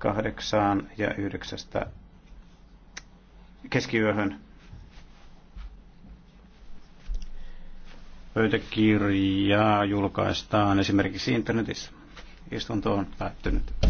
kahdeksaan ja yhdeksästä keskiyöhön. Pöytäkirjaa julkaistaan esimerkiksi internetissä. Istunto on päättynyt.